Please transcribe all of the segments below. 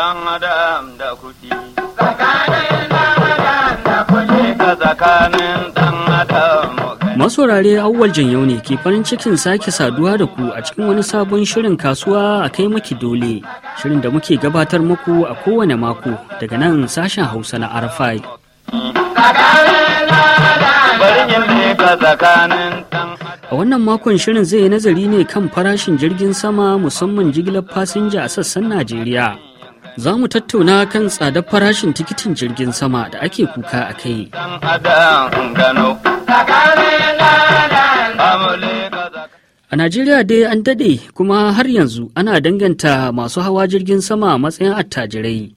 dan adam da Masaurare yau ne ke farin cikin sake saduwa da ku a cikin wani sabon shirin kasuwa a kai maki dole shirin da muke gabatar muku a kowane mako daga nan sashen hausa na arafai. A wannan makon shirin zai nazari ne kan farashin jirgin sama musamman jigilar fasinja a sassan Najeriya. Za mu tattauna kan tsadar farashin tikitin jirgin sama da ake kuka a kai. A Najeriya dai an dade kuma har yanzu ana danganta masu hawa jirgin sama matsayin attajirai.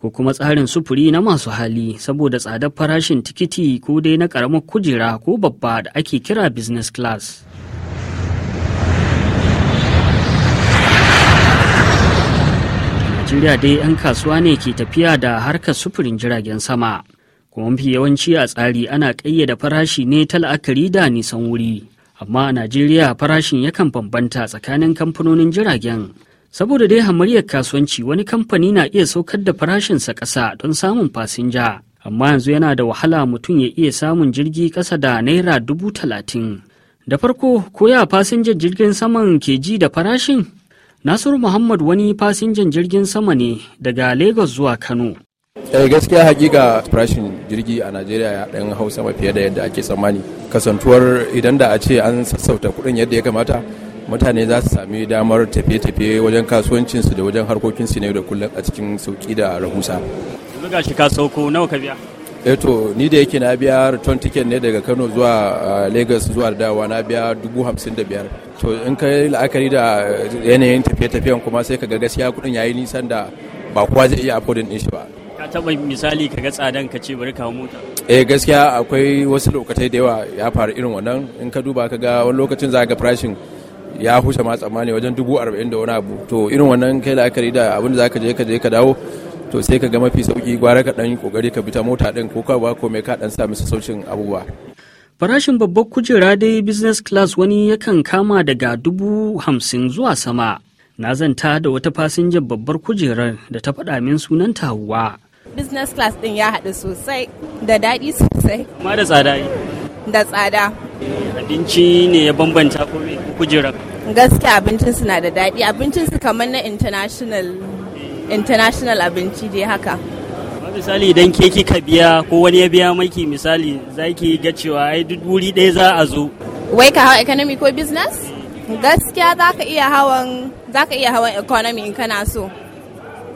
Ko kuma tsarin sufuri na masu hali saboda tsadar farashin tikiti ko dai na karamar kujera ko babba da ake kira business class. Najeriya dai 'yan kasuwa ne ke tafiya da harkar sufurin jiragen sama. Kuma mafi yawanci a tsari ana ƙayyada farashi ne ta la'akari da nisan wuri. Amma a Najeriya farashin yakan bambanta tsakanin kamfanonin jiragen. Saboda dai hamariyar kasuwanci wani kamfani na iya saukar da farashinsa ƙasa don samun fasinja. Amma yanzu yana da wahala mutum ya iya samun jirgi ƙasa da naira dubu talatin. Da farko, ko ya fasinjan jirgin saman ke ji da farashin? Nasiru Muhammad wani fasinjan jirgin sama ne daga Lagos zuwa Kano. Eh gaskiya hakika farashin jirgi a Najeriya ya dan hau sama fiye da yadda ake tsammani. Kasantuwar idan da a ce an sassauta kuɗin yadda ya kamata mutane za su sami damar tafiye-tafiye wajen kasuwancinsu da wajen harkokin su yau da kullum a cikin sauki da rahusa. Zuga shi ka sauko nawa ka biya? eto eh ni da yake na biya return ticket ne daga kano zuwa eh, lagos zuwa dawa na biya dubu hamsin da biyar to in ka yi la'akari da eh, yanayin tafiye-tafiyen kuma sai ka ga gaskiya kudin yayi nisan da ba kowa zai iya afodin din shi ba ka taba misali ka ga tsadan ka ce bari kawo mota eh gaskiya akwai wasu lokatai da yawa ya faru irin wannan in ka duba ka ga wani lokacin za ga pricing ya huce ma tsammani wajen dubu arba'in da wani abu to irin wannan kai la'akari da abin da za ka je ka je ka dawo to sai ka ga mafi sauki gwara ka dan kokari ka bita mota din ko ka ba mai ka dan sa musu saucin abubuwa farashin babbar kujera dai business class wani yakan kama daga dubu hamsin zuwa sama na zanta da wata fasinjan babbar kujerar da ta faɗa min sunan tahuwa business class din ya haɗu sosai da daɗi sosai kuma da tsada da tsada eh, abinci ne ya bambanta ko kujerar gaskiya abincin suna da daɗi abincin su kamar na international international abinci dai haka misali idan ke kika biya ko wani ya biya maki misali za ki ga cewa ai duk wuri ɗaya za a zo wai ka hawa economy ko business gaskiya za ka iya hawan economy in kana so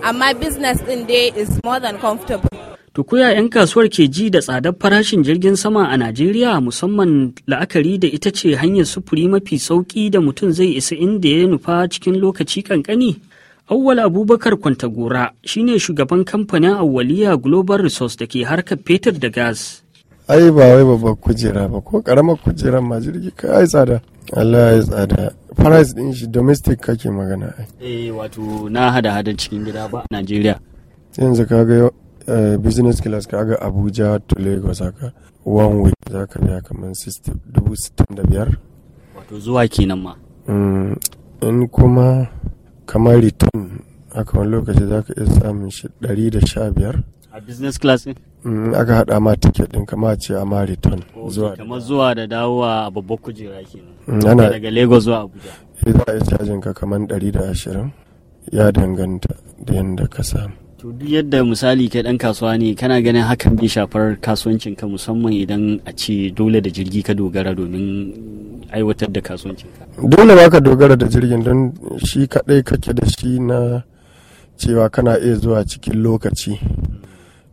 amma business din dai is more than comfortable Tukuya 'yan kasuwar ke ji da tsadar farashin jirgin sama a Najeriya musamman la'akari da ita ce hanyar sufuri mafi sauki da mutum zai isa inda ya nufa cikin lokaci kankani. Awwal Abubakar Kwantagora shine shugaban kamfanin Awaliya Global Resource da ke harkar fetur da gas. Ai ba wai babbar kujera ba ko karamar kujera ma jirgi ka ai tsada. Allah ya tsada. Price din shi domestic kake magana ai. Eh wato na hada hadan cikin gida ba a Najeriya. Yanzu kaga Uh, eh, business class ka ga abuja to lagos haka one week za ka biya kamar dubu da biyar wato zuwa kenan ma mm, in kuma kamar return aka wani lokaci za ka iya samun shi 115 a business class mm, in aka hada ma ticket din kama a ce a ma return zuwa kama zuwa da dawowa a babbar kujera kenan mm, ana daga lagos zuwa abuja eh, za a yi cajin ka kamar 120 ya danganta da yadda ka samu to duk yadda misali kai dan kasuwa ne kana ganin hakan bai shafar kasuwancin ka musamman idan a ce dole da jirgi ka dogara domin aiwatar da kasuwancin dole ba ka dogara da jirgin don shi kadai kake da shi na cewa kana iya zuwa cikin lokaci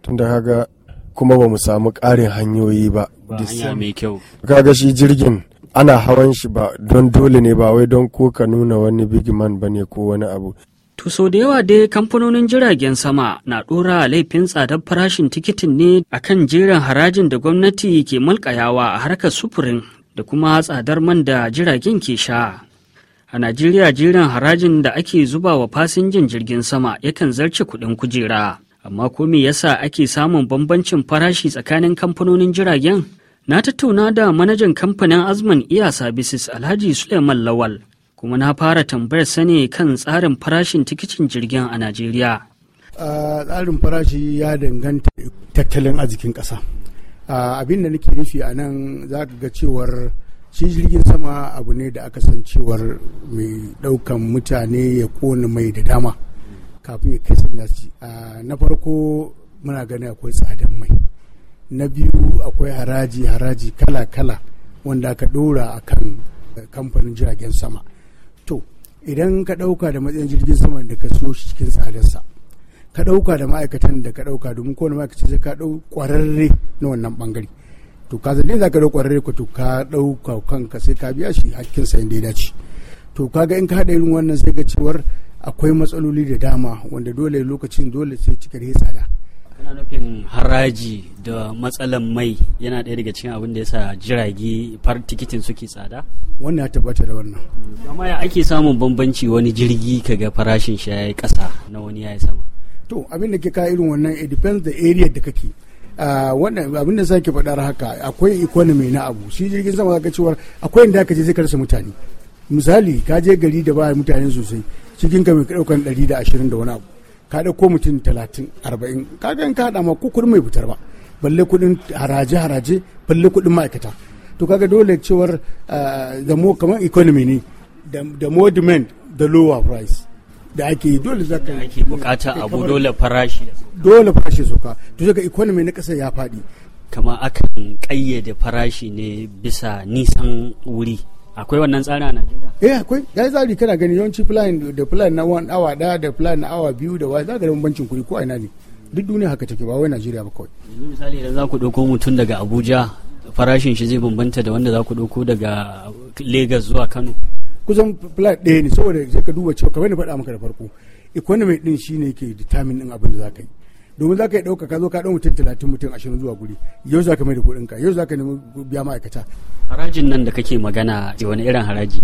tunda kaga kuma ba mu samu ƙarin hanyoyi ba hanya mai kyau kaga shi jirgin ana hawan shi ba don dole ne ba wai don ko ka nuna wani big man ba ne ko wani abu To da yawa dai kamfanonin jiragen sama na ɗora laifin tsadar farashin tikitin ne akan jerin harajin da gwamnati ke mulkayawa a harkar sufurin da kuma tsadar man da jiragen ke sha. A Najeriya jerin harajin da ake zuba wa fasinjin jirgin sama yakan zarce kuɗin kujera. Amma ko me yasa ake samun bambancin farashi tsakanin kamfanonin jiragen? Na tattauna da manajan kamfanin Azman Iya Services Alhaji Suleiman Lawal kuma na fara tambayar sani kan tsarin farashin tikicin jirgin a najeriya tsarin farashi ya danganta tattalin arzikin ƙasa abin da nake nufi a nan za ka ga cewar shi jirgin sama abu ne da aka san cewar mai ɗaukan mutane ya kona mai da dama kafin ya kai nasi na farko muna gani akwai tsadan mai na biyu akwai haraji haraji kala-kala wanda aka ɗora a kan eh, kamfanin jiragen sama idan ka ɗauka da matsayin jirgin saman da ka siyo shi cikin tsadarsa ka ɗauka da ma'aikatan da ka ɗauka domin kowane ma'aikaci sai ka ɗau ƙwararre na wannan ɓangare to ka zane za ka ɗau ƙwararre ka to ka ɗauka kanka sai ka biya shi hakkin sa inda ya dace to kaga in ka haɗa irin wannan sai ga cewar akwai matsaloli da dama wanda dole lokacin dole sai cikar tsada kana nufin haraji da matsalan mai yana ɗaya daga cikin abin da ya sa jirage far tikitin suke tsada wannan ya tabbata da wannan amma ya ake samun bambanci wani jirgi kaga farashin shi yi ƙasa na wani yi sama to abin da ke ka irin wannan it depends the area da kake ah, wannan abin da sake faɗar haka akwai economy na abu shi jirgin sama ga cewa akwai inda ka je zai karsa mutane misali ka je gari da ba mutane sosai cikin ka mai ɗaukan ɗari da ashirin da wani abu ka ko mutum talatin arba'in kaga in ka haɗa ma ko kuɗin mai fitar ba balle kuɗin haraje haraje balle kuɗin ma'aikata to kaga dole cewar da ah, mo kamar economy ne da more demand da lower price da ake dole za ka ake bukata abu dole farashi dole farashi soka to daga economy na ƙasa ya faɗi kama akan ƙayyade farashi ne bisa nisan wuri akwai wannan tsari a Najeriya eh akwai ya yi tsari kana gani yawanci plan da plan na one hour ɗaya da plan na awa biyu da wani za ga bambancin kuɗi ko aina ne duk duniya haka take ba wai Najeriya ba kawai yanzu misali idan za ku ɗauko mutum daga Abuja farashin shi zai bambanta da wanda za ku ɗauko daga Lagos zuwa Kano kusan plan ɗaya ne saboda sai ka duba cewa kamar ni faɗa maka da farko economy din shine yake determine ɗin abin da za ka yi domin za ka yi ɗauka ka zo ka ɗan mutum talatin mutum ashirin zuwa guri yau za ka mai da kuɗin ka yau za ka nemi biya ma'aikata. harajin nan da kake magana wani irin haraji.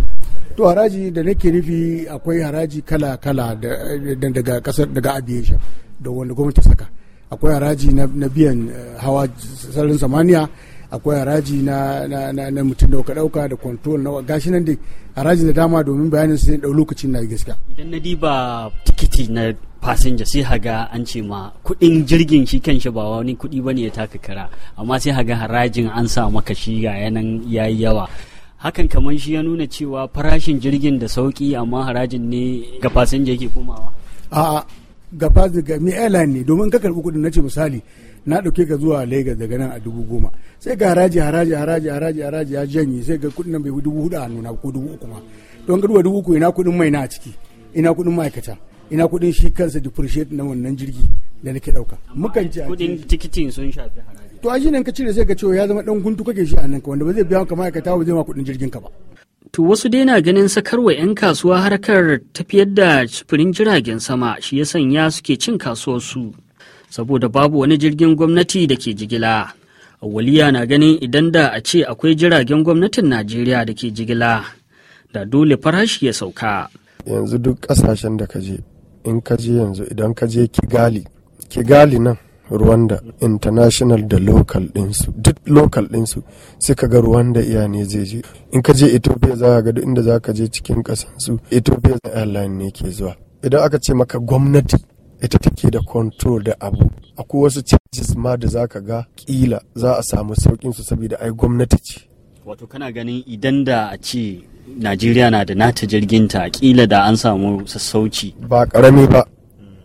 to haraji da nake nufi akwai haraji kala kala daga kasar daga aviation da wanda gwamnati saka akwai haraji na biyan eh, hawa sararin samaniya akwai haraji na na mutum da ɗauka da control na gashi nan dai haraji da dama domin bayanin su zai dau lokacin na gaskiya idan na diba tikiti na fasinja sai haga an ce ma kuɗin jirgin shi kan shi ba wani kuɗi bane ya taka kara amma sai haga harajin an sa maka shi ga yanan yayi yawa hakan kamar shi ya nuna cewa farashin jirgin da sauki amma harajin ne ga fasinja yake komawa a ga fasinja ni airline ne domin ka karbi kuɗin nace misali na ɗauke ka zuwa Lagos daga nan a dubu goma sai ga haraji haraji haraji haraji haraji ya janye sai ga kuɗin nan bai dubu hudu a nuna ko dubu uku ma don ga dubu uku ina kuɗin mai na a ciki ina kuɗin ma'aikata ina kudin shi kansa depreciate na wannan jirgi da nake dauka mukan ci kudin tikitin sun shafi haraji to ajinan ka cire sai ka ce ya zama dan guntu kake shi a nan ka wanda ba zai biya ka ma'aikata ba zai ma kudin jirgin ka ba to wasu dai na ganin sakarwa 'yan kasuwa harkar tafiyar da sufurin jiragen sama shi ya sanya suke cin kasuwarsu saboda babu wani jirgin gwamnati da ke jigila waliya na ganin idan da a ce akwai jiragen gwamnatin najeriya da ke jigila da dole farashi ya sauka yanzu duk kasashen da ka je in ka je yanzu idan ka je kigali kigali nan rwanda international da local ɗinsu duk local ɗinsu sai ka ga rwanda iya ne zai je in ka je ethiopia za ga duk inda za ka je cikin ƙasansu ethiopia airline ne ke zuwa idan aka ce maka gwamnati ita take da control da abu akwai wasu changes ma da za ka ga kila za a samu saukin su saboda ai gwamnati ce wato kana ganin idan da a ce najeriya na da nata jirginta kila da an samu sassauci ba karami ba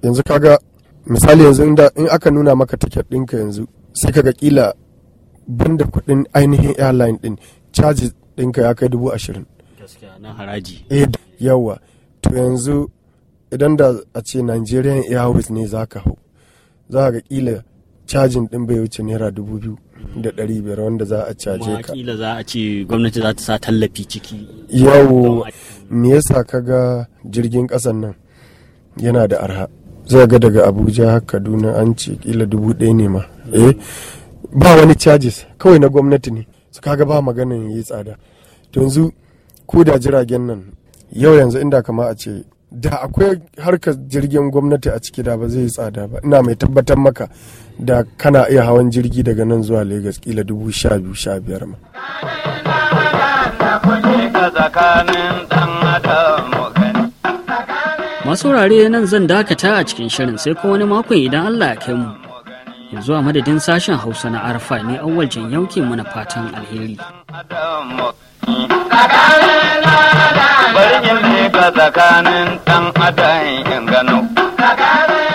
yanzu kaga misali yanzu in aka nuna maka tiket ɗinka yanzu sai kaga kila banda kuɗin ainihin airline ɗin charges ɗinka ya kai dubu ashirin gaskiya na haraji eh yawa to yanzu idan da a ce nigerian airways ne za ka hau za ka ga kila cajin ɗin bai wuce naira dubu biyu da ɗari biyar wanda za a caje ka. Wakila za a ce gwamnati za ta sa tallafi ciki. Yau me yasa ka ga jirgin kasan nan yana da arha. Zai ga daga Abuja har Kaduna an ce kila dubu ɗaya ne ma. Eh ba wani charges kawai na gwamnati ne. Su kaga ba maganin yi tsada. To yanzu ko da jiragen nan yau yanzu inda kama a ce da akwai harkar jirgin gwamnati a ciki da ba zai tsada ba ina mai tabbatar maka da kana iya hawan jirgi daga nan zuwa lagos kila dubu sha biyu sha biyar ma masu wurare nan zan dakata a cikin shirin sai kuma wani makon idan allah ya kai mu yanzu a madadin sashen hausa na arfa ne awwal jan mu mana fatan alheri tsakanin ɗan adam ingano gano.